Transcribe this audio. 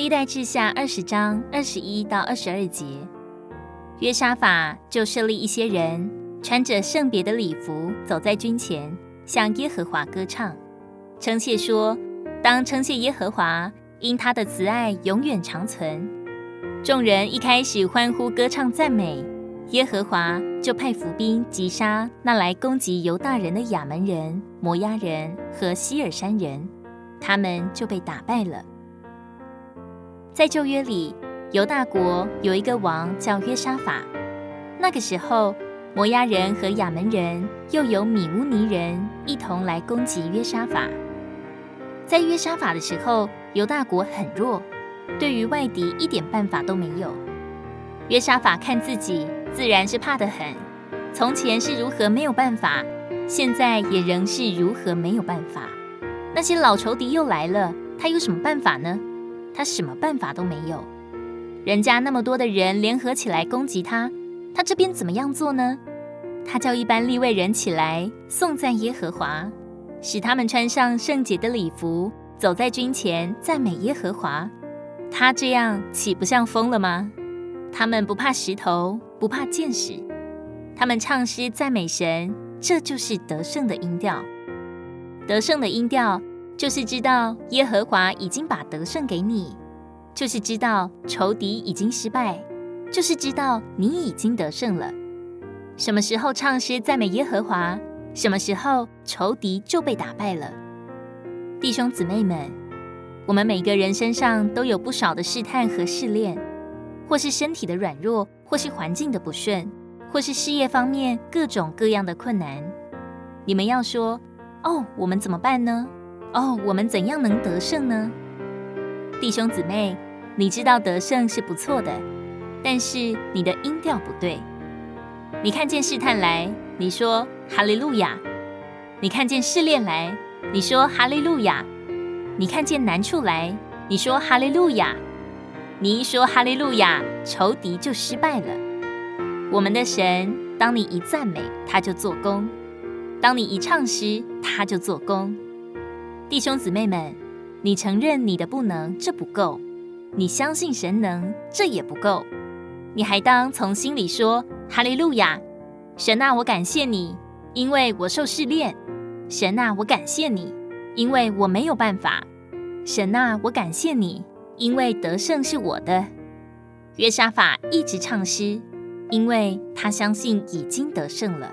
歷代志下二十章二十一到二十二節，約沙法就設立一些人，穿着聖別的禮服，走在軍前，向耶和華歌唱，稱謝說：“當稱謝耶和華，因他的慈愛永遠長存。”眾人一開始歡呼歌唱讚美，耶和華就派伏兵擊殺那來攻擊猶大人的亞捫人、摩押人和西珥山人，他們就被打敗了。在舊約裡，猶大國有一個王叫約沙法。那個時候，摩押人和亞捫人又有米烏尼人一同來攻擊約沙法。在約沙法的時候，猶大國很弱，對於外敵一點辦法都沒有。約沙法看自己自然是怕得很。從前是如何沒有辦法，現在也仍是如何沒有辦法。那些老仇敵又來了，他有什麼辦法呢？他什麼辦法都沒有，人家那麼多的人聯合起來攻擊他，他這邊怎麼樣做呢？他叫一班利未人起來頌讚耶和華，使他們穿上聖潔的禮服，走在軍前讚美耶和華。他這樣豈不像瘋了嗎？他們不怕石頭，不怕箭矢，他們唱詩讚美神，這就是得勝的音調，得勝的音調。就是知道耶和華已經把得勝給你，就是知道仇敵已經失敗，就是知道你已經得勝了。什麼時候唱詩讚美耶和華，什麼時候仇敵就被打敗了。弟兄姊妹們，我們每個人身上都有不少的試探和試煉，或是身體的軟弱，或是環境的不順，或是事業方面各種各樣的困難。你們要說：“哦，我們怎麼辦呢？”哦，oh, 我們怎樣能得勝呢？弟兄姊妹，你知道得勝是不錯的，但是你的音調不對。你看見試探來，你說哈利路亞；你看見試煉來，你說哈利路亞；你看見難處來，你說哈利路亞。你一說哈利路亞，仇敵就失敗了。我們的神，當你一讚美，他就做工；當你一唱詩，他就做工。弟兄姊妹們，你承認你的不能，這不夠；你相信神能，這也不夠。你還當從心裡說：“哈利路亞，神啊，我感謝你，因為我受試煉；神啊，我感謝你，因為我沒有辦法；神啊，我感謝你，因為得勝是我的。”約沙法一直唱詩，因為他相信已經得勝了。